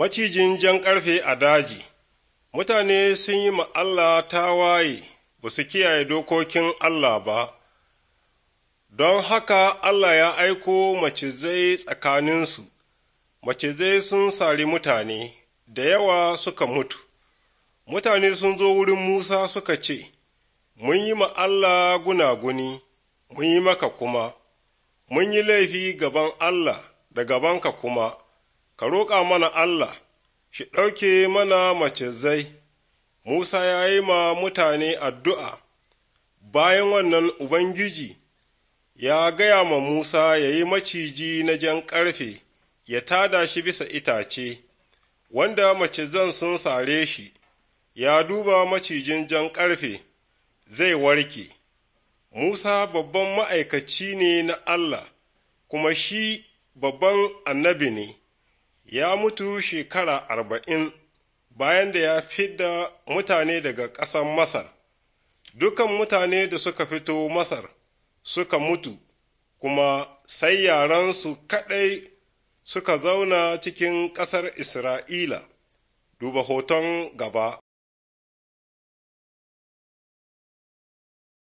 macijin jan ƙarfe a daji, mutane sun yi ma Allah tawaye ba su kiyaye dokokin Allah ba, don haka Allah ya aiko macizai tsakaninsu, macizai sun sari mutane da yawa suka mutu, mutane sun zo wurin Musa suka ce, Mun yi ma Allah gunaguni, mun yi maka kuma, mun yi laifi gaban Allah da gabanka kuma. ka roƙa mana Allah, shi ɗauke mana mace zai. Musa ya yi ma mutane addu'a, bayan wannan Ubangiji ya gaya ma Musa ya yi maciji na jan ƙarfe, ya tada shi bisa itace, wanda mace zan sun sare shi, ya duba macijin jan ƙarfe, zai warke. Musa babban ma'aikaci ne na Allah, kuma shi babban annabi ne. ya mutu shekara arba'in bayan da ya fidda mutane daga ƙasar Masar. Dukan mutane da suka fito Masar suka mutu, kuma sai yaransu kaɗai suka zauna cikin ƙasar Isra'ila. Duba hoton gaba.